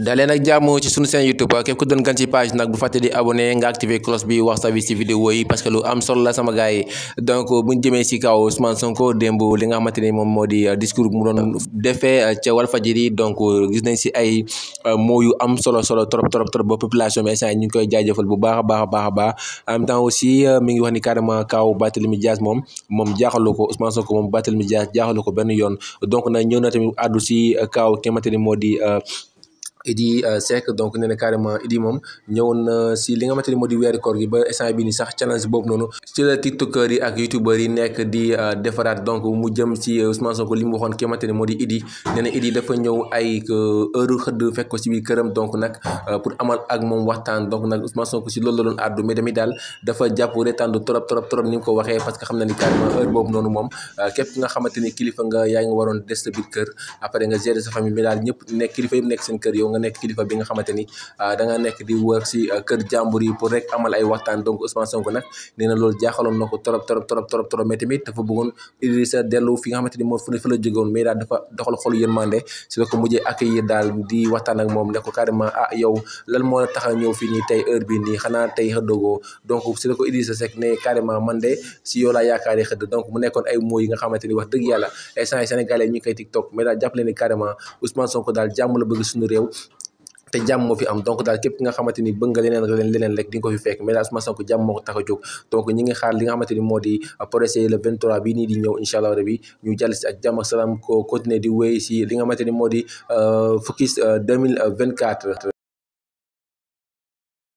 dalee nag jàmm ci sunu seen youtube képp ku doon gan ci page nag bu fàtte di abonné nga activé cloche bi wax sa bi si vidéo yi parce que lu am solo la sama gars yi donc bu ñu jëmee si kaw Ousmane Sonko démb li nga xamante ni moom moo di euh, discours bu mu doon defee euh, ca Walfadjri donc euh, gis nañ si ay mots yu am solo solo trop trop trop ba population bi ñu ngi koy jaajëfal bu baax a baax a baax a baax en même temps aussi mi ngi wax ni carrément kaw Barthélémy Dias moom moom jaaxalu ko Ousmane Sonko moom Barthélémy Dias jaaxalu ko benn yoon donc nag ñëw na tamit àddu si kaw ki nga xamante ni moo di idi sec eh, donc nee na carrément idi mom ñëwoon na si li nga xamante ni moo koor gi ba instant bi ni sax challenge boobu noonu ci la tiktokeur yi ak youtubeur yi nekk di eh, defaraat donc mu jëm si eh, Ousmane Sonko li mu waxoon ki xamante ni moo di idi nee na idi dafa ñëw ay heure xëdd fekk ko si biir këram donc nag pour amal ak moom waxtaan donc nag Ousmane Sonko si loolu la doon àddu mais tamit daal dafa jàpp retandu trop trop trop ni mu ko waxee parce que xam na ni carrément heure boobu noonu moom képp nga xamante ni kilifa nga yaa ngi waroon des sa kër après nga gérer sa famille mais daal ñëpp nekk kilifa yëpp nekk seen kër yow nga nekk kilifa bi nga xamante ni ah, da nga nekk di wër si ah, kër jàmbur yi pour rek amal ay waxtaan donc Ousmane Sonko nag nee na loolu jaaxaloon na ko trop trop trop trop trop mais tamit dafa bëggoon Idrissa dellu fi nga xamante ni moo fa la mais daal dafa doxal xolu yërmande si la ko mujjee accueillir daal di waxtaan ak moom ne ko carrément ah yow lan moo la tax a ñëw fii nii tey heure bi nii xanaa tey xëddogoo donc si la ko Idrissa Seck ne carrément man de si yow laa yaakaaree xëdd donc mu nekkoon ay mots yi nga xamante ni wax dëgg yàlla instant yi sénégalais ñu ngi tiktok mais daal jàpp leen ni carrément Ousmane Sonko daal jàmm la bëgg suñu réew te jàmm moo fi am donc daal képp ki nga xamante ni bëgg nga leneen leneen leneen rek di ko fi fekk mais daal Ousmane Sonko jàmm moo ko tax jóg donc ñi ngi xaar li nga xamante moo di procès le 23 bii nii di ñëw incha allah rabi ñu jàll si ak jàmm ak salaam ko continuer di wéy si li nga xamante ni moo di euh, euh, mille focus 2024